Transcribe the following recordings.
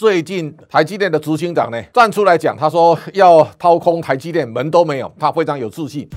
最近台積電的執行長呢站出來講，他說要掏空台積電門都沒有，他非常有自信。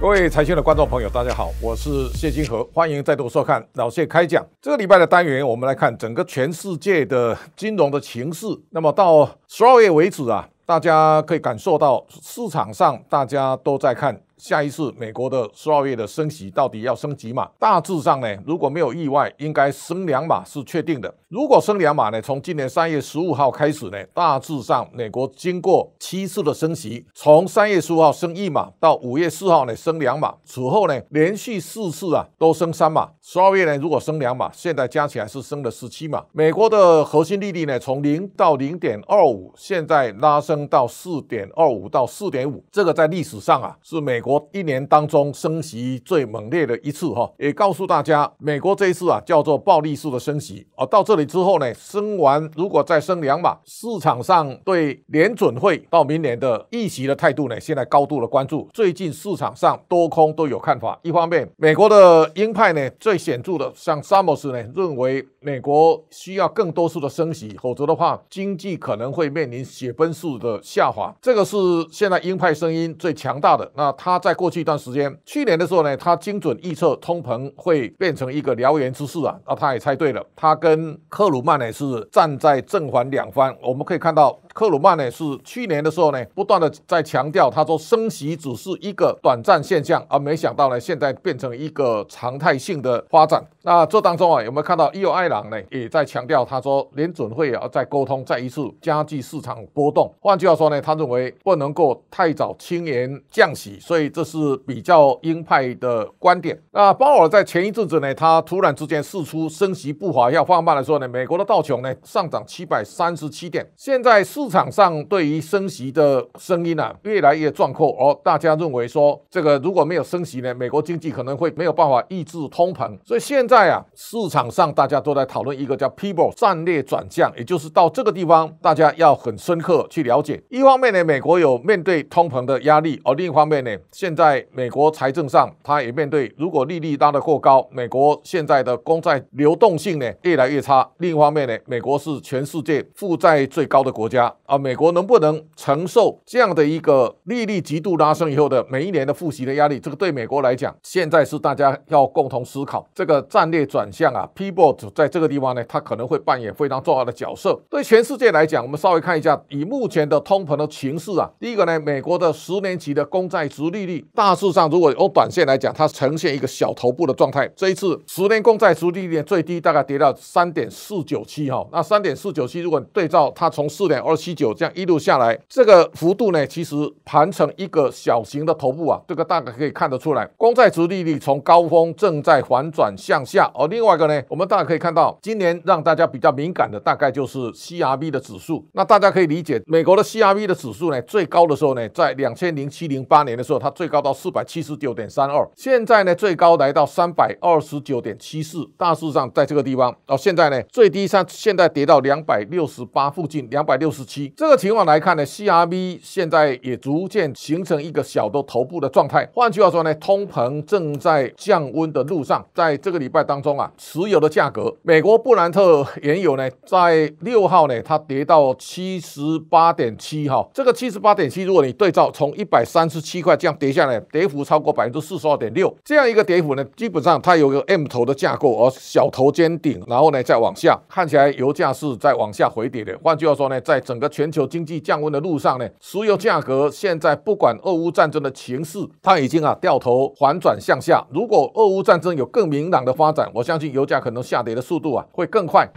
各位財經的觀眾朋友，大家好，我是謝金河，歡迎再度收看老謝開講。這個禮拜的單元，我們來看整個全世界的金融的情勢。那麼到十二月為止啊，大家可以感受到市場上大家都在看。下一次美國的十二月的升息到底要升幾碼？大致上呢，如果沒有意外，應該升兩碼是確定的。如果升兩碼呢，從今年三月十五號開始呢，大致上美國經過七次的升息，從三月十五號升一碼到五月四號呢升兩碼，此後呢連續四次啊都升三碼。十二月呢如果升兩碼，現在加起來是升了十七碼。美國的核心利率呢從零到零點二五，現在拉升到四點二五到四點五，這個在歷史上啊是美國。一年當中升息最猛烈的一次哈，也告訴大家，美國這一次啊叫做暴力式的升息啊。到這裡之後呢，升完如果再升兩碼，市場上對聯準會到明年的議息的態度呢，現在高度的關注。最近市場上多空都有看法，一方面美國的鷹派呢最顯著的，像薩默斯呢認為美國需要更多數的升息，否則的話經濟可能會面臨血崩式的下滑。這個是現在鷹派聲音最強大的。那他。他在過去一段時間，去年的時候呢，他精準預測通膨會變成一個燎原之勢啊，那、啊、他也猜對了。他跟克魯曼呢是站在正反兩方，我們可以看到。克魯曼呢是去年的時候呢，不斷的在強調，他說升息只是一個短暫現象，而、啊、沒想到呢，現在變成一個常態性的發展。那這當中啊，有沒有看到伊歐艾朗呢也在強調，他說聯準會要再溝通，再一次加劇市場波動。換句話說呢，他認為不能夠太早輕言降息，所以這是比較鷹派的觀點。那鮑爾在前一陣子呢，他突然之間釋出升息步伐要放慢的時候呢，美國的道瓊呢上漲七百三十七點，現在是。市場上對於升息的聲音啊，越來越壯闊。而、哦、大家認為說，這個如果沒有升息呢，美國經濟可能會沒有辦法抑制通膨。所以現在啊，市場上大家都在討論一個叫 “people 戰略轉向”，也就是到這個地方，大家要很深刻去了解。一方面呢，美國有面對通膨的壓力；而、哦、另一方面呢，現在美國財政上，它也面對如果利率拉得過高，美國現在的公債流動性呢越來越差。另一方面呢，美國是全世界負債最高的國家。啊，美國能不能承受這樣的一個利率極度拉升以後的每一年的付息的壓力？這個對美國來講，現在是大家要共同思考這個戰略轉向啊。P board 在這個地方呢，它可能會扮演非常重要的角色。對全世界來講，我們稍微看一下以目前的通膨的形勢啊。第一個呢，美國的十年期的公債殖利率，大致上如果有短線來講，它呈現一個小頭部的狀態。這一次十年公債殖利率最低大概跌到三點四九七哈，那三點四九七如果對照它從四點二。七九這樣一路下來，這個幅度呢，其實盤成一個小型的頭部啊，這個大概可以看得出來。公債殖利率從高峰正在反轉向下哦。另外一個呢，我們大家可以看到，今年讓大家比較敏感的大概就是 CRB 的指數。那大家可以理解，美國的 CRB 的指數呢，最高的時候呢，在兩千零七零八年的時候，它最高到四百七十九點三二，現在呢，最高來到三百二十九點七四，大致上在這個地方哦。現在呢，最低上現在跌到兩百六十八附近，兩百六十這個情況來看呢，CRB 現在也逐漸形成一個小的頭部的狀態。換句話說呢，通膨正在降溫的路上。在這個禮拜當中啊，石油的價格，美國布蘭特原油呢，在六號呢，它跌到七十八點七哈。這個七十八點七，如果你對照從一百三十七塊這樣跌下來，跌幅超過百分之四十二點六。這樣一個跌幅呢，基本上它有個 M 頭的架構，而小頭尖頂，然後呢再往下，看起來油價是在往下回跌的。換句話說呢，在整個全球經濟降溫的路上呢，石油價格現在不管俄烏戰爭的情勢，它已經啊掉頭反轉向下。如果俄烏戰爭有更明朗的發展，我相信油價可能下跌的速度啊會更快。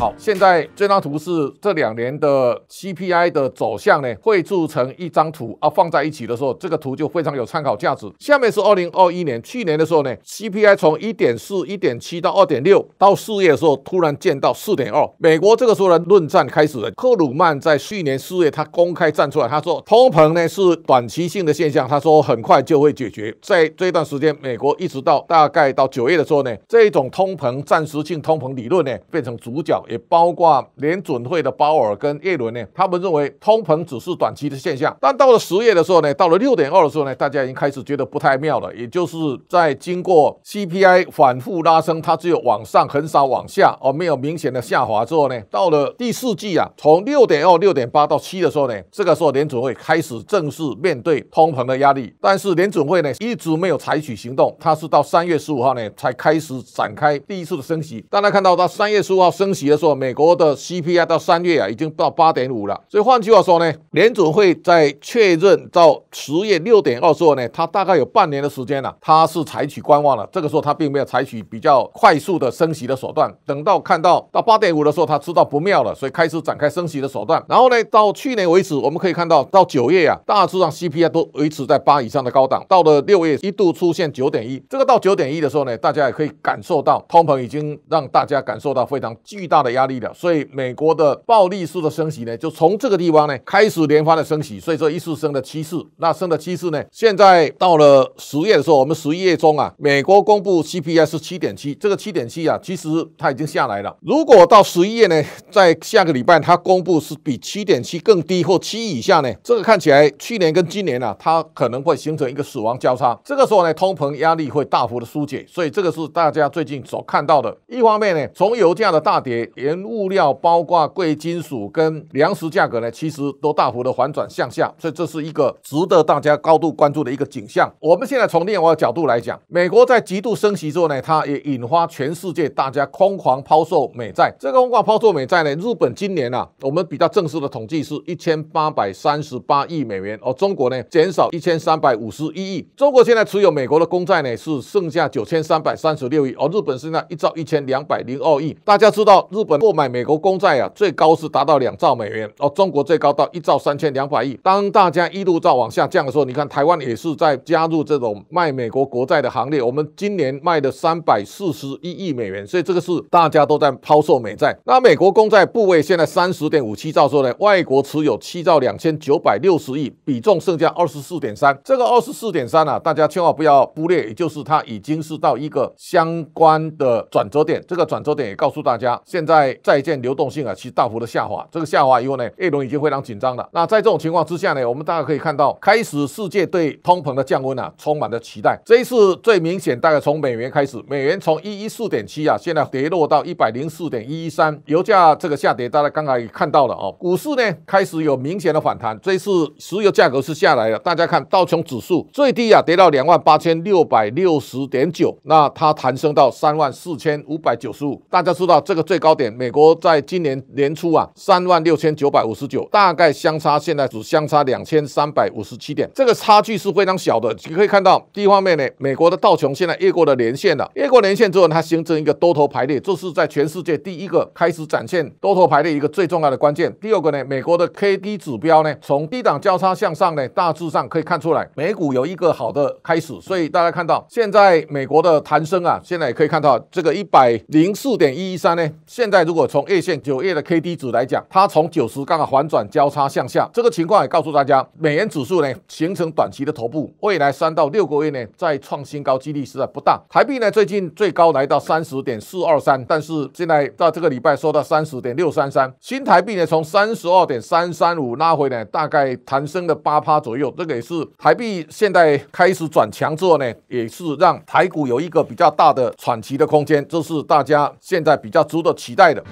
好，現在這張圖是這兩年的 C P I 的走向呢，繪製成一張圖啊，放在一起的時候，這個圖就非常有參考價值。下面是二零二一年去年的時候呢，C P I 從一點四、一點七到二點六，到四月的時候突然見到四點二。美國這個時候呢，論戰開始了。克魯曼在去年四月，他公開站出來，他說通膨呢是短期性的現象，他說很快就會解決。在這段時間，美國一直到，大概到九月的時候呢，這一種通膨暫時性通膨理論呢，變成主角。也包括聯準會的鮑爾跟耶倫呢，他們認為通膨只是短期的現象。但到了十月的時候呢，到了六點二的時候呢，大家已經開始覺得不太妙了。也就是在經過 CPI 反覆拉升，它只有往上很少往下而、哦、沒有明顯的下滑之後呢，到了第四季啊，從六點二、六點八到七的時候呢，這個時候聯準會開始正式面對通膨的壓力，但是聯準會呢一直沒有採取行動，它是到三月十五號呢才開始展開第一次的升息。大家看到到三月十五號升息的時候。說美國的 CPI 到三月啊，已經到八點五了。所以換句話說呢，聯準會在確認到十月六點二的時候呢，它大概有半年的時間呢、啊，它是採取觀望了。這個時候它並沒有採取比較快速的升息的手段。等到看到到八點五的時候，他知道不妙了，所以開始展開升息的手段。然後呢，到去年為止，我們可以看到到九月啊，大致上 CPI 都維持在八以上的高檔。到了六月一度出現九點一，這個到九點一的時候呢，大家也可以感受到通膨已經讓大家感受到非常巨大的。壓力了，所以美國的暴力式的升息呢，就從這個地方呢開始連番的升息，所以這一次升了七次，那升了七次呢，現在到了十月的時候，我們十一月中啊，美國公布 CPI 是七點七，這個七點七啊，其實它已經下來了。如果到十一月呢，在下個禮拜它公布是比七點七更低或七以下呢，這個看起來去年跟今年啊，它可能會形成一個死亡交叉，這個時候呢，通膨壓力會大幅的疏解，所以這個是大家最近所看到的。一方面呢，從油價的大跌。原物料包括貴金屬跟糧食價格呢，其實都大幅的反轉向下，所以這是一個值得大家高度關注的一個景象。我們現在從另外一個角度來講，美國在極度升息之後呢，它也引發全世界大家瘋狂拋售美債。這個瘋狂拋售美債呢，日本今年啊，我們比較正式的統計是一千八百三十八億美元而、哦、中國呢減少一千三百五十一億，中國現在持有美國的公債呢是剩下九千三百三十六億而、哦、日本現在一兆一千兩百零二億。大家知道日日本購買美國公債啊，最高是達到兩兆美元哦。中國最高到一兆三千兩百億。當大家一路照往下降的時候，你看台灣也是在加入這種賣美國國債的行列。我們今年賣的三百四十一億美元，所以這個是大家都在拋售美債。那美國公債部位現在三十點五七兆說呢，外國持有七兆兩千九百六十億，比重剩下二十四點三。這個二十四點三啊，大家千萬不要忽略，也就是它已經是到一個相關的轉折點。這個轉折點也告訴大家，現在。在債券流動性啊，其實大幅的下滑。這個下滑以後呢，銀根已經非常緊張了。那在這種情況之下呢，我們大家可以看到，開始世界對通膨的降溫啊，充滿了期待。這一次最明顯，大概從美元開始，美元從一一四點七啊，現在跌落到一百零四點一一三。油價這個下跌，大家剛才也看到了哦。股市呢，開始有明顯的反彈。這一次石油價格是下來了，大家看道瓊指數最低啊，跌到兩萬八千六百六十點九，那它彈升到三萬四千五百九十五。大家知道這個最高點，美國在今年年初啊，三萬六千九百五十九，大概相差，現在只相差兩千三百五十七點，這個差距是非常小的。你可以看到，第一方面呢，美國的道瓊現在越過了年線了，啊，越過年線之後呢，它形成一個多頭排列，這是在全世界第一個開始展現多頭排列一個最重要的關鍵。第二個呢，美國的 K D 指標呢，從低檔交叉向上呢，大致上可以看出來，美股有一個好的開始。所以大家看到，現在美國的彈升啊，現在也可以看到這個一百零四點一一三呢，現現在如果從月線，九月的 k d 值來講，它從九十槓反轉交叉向下，這個情況也告訴大家，美元指數呢，形成短期的頭部，未來三到六個月呢，再創新高幾率實在不大。台幣呢，最近最高來到三十點四二三，但是現在到這個禮拜收到三十點六三三，新台幣呢從三十二點三三五拉回呢，大概彈升了八趴左右，這個也是台幣現在開始轉強之後呢，也是讓台股有一個比較大的喘息的空間，這是大家現在比較值得期待在的。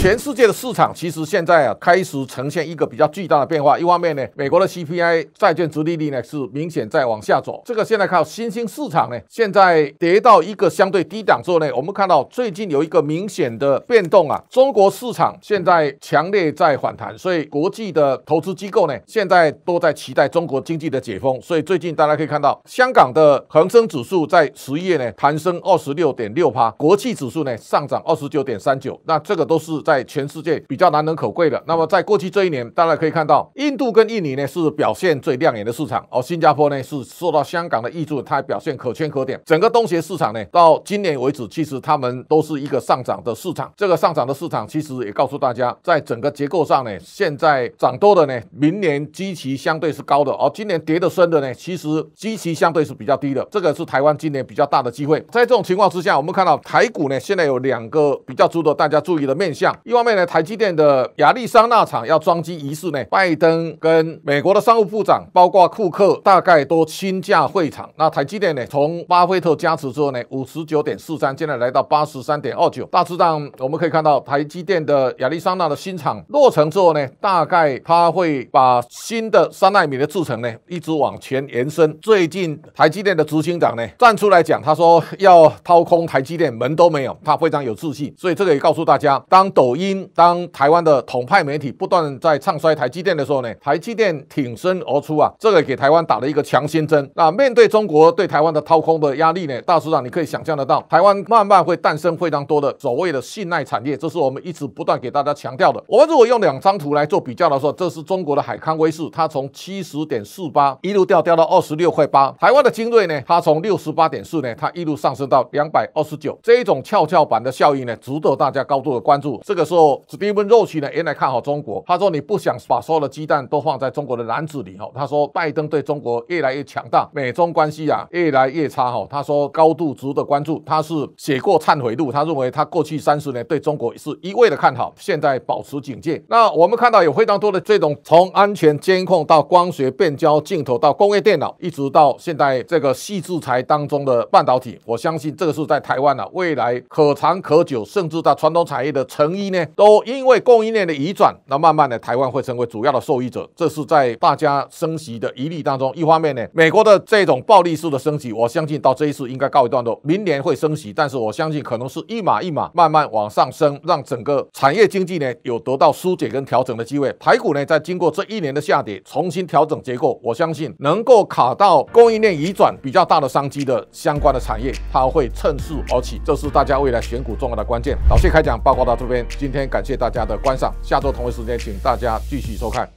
全世界的市場其實現在啊開始呈現一個比較巨大的變化。一方面呢，美國的 CPI 債券殖利率呢是明顯在往下走。這個現在靠新興市場呢，現在跌到一個相對低檔之後呢，我們看到最近有一個明顯的變動啊。中國市場現在強烈在反彈，所以國際的投資機構呢現在都在期待中國經濟的解封。所以最近大家可以看到，香港的恆生指數在十一月呢彈升二十六點六八，國企指數呢上漲二十九點三九。那這個都是。在全世界比較難能可貴的。那麼，在過去這一年，大家可以看到，印度跟印尼呢是表現最亮眼的市場。哦，而新加坡呢是受到香港的挹注，它還表現可圈可點。整個東協市場呢，到今年為止，其實他們都是一個上漲的市場。這個上漲的市場，其實也告訴大家，在整個結構上呢，現在漲多的呢，明年基期相對是高的。哦，而今年跌得深的呢，其實基期相對是比較低的。這個是台灣今年比較大的機會。在這種情況之下，我們看到台股呢，現在有兩個比較值得大家注意的面向。一方面呢，台積電的亞利桑那廠要裝機儀式呢，拜登跟美國的商務部長，包括庫克大概都親駕會場。那台積電呢，從巴菲特加持之後呢，五十九點四三，現在來到八十三點二九。大致上我們可以看到，台積電的亞利桑那的新廠落成之後呢，大概它會把新的三奈米的製程呢，一直往前延伸。最近台積電的執行長呢，站出來講，他說要掏空台積電門都沒有，他非常有自信。所以這個也告訴大家，當抖。因當台灣的統派媒體不斷在唱衰台積電的時候呢，台積電挺身而出啊，這個給台灣打了一個強心針。那面對中國對台灣的掏空的壓力呢，大市場你可以想象得到，台灣慢慢會誕生非常多的所謂的信賴產業，這是我們一直不斷給大家強調的。我們如果用兩張圖來做比較的時候，這是中國的海康威視，它從七十點四八一路掉掉到二十六塊八，台灣的精銳呢，它從六十八點四呢，它一路上升到兩百二十九，這一種蹺蹺板的效應呢，值得大家高度的關注。這個。的時候史蒂文若奇呢，也來看好中國。他說：“你不想把所有的雞蛋都放在中國的籃子裡哈、哦。”他說：“拜登對中國越來越強大，美中關係啊越來越差哈、哦。”他說：“高度值得關注。”他是寫過懺悔錄，他認為他過去三十年對中國是一味的看好，現在保持警戒。那我們看到有非常多的這種從安全監控到光學變焦鏡頭到工業電腦，一直到現在這個細制裁當中的半導體，我相信這個是在台灣啊，未來可長可久，甚至到傳統產業的成衣。呢，都因為供應鏈的移轉，那慢慢的台灣會成為主要的受益者，這是在大家升息的疑慮當中。一方面呢，美國的這種暴力式的升息，我相信到這一次應該告一段落，明年會升息，但是我相信可能是一碼一碼慢慢往上升，讓整個產業經濟呢有得到疏解跟調整的機會。台股呢在經過這一年的下跌，重新調整結構，我相信能夠卡到供應鏈移轉比較大的商機的相關的產業，它會趁勢而起，這是大家未來選股重要的關鍵。老謝開講報告到這邊。今天感謝大家的觀賞，下週同一時間，請大家繼續收看。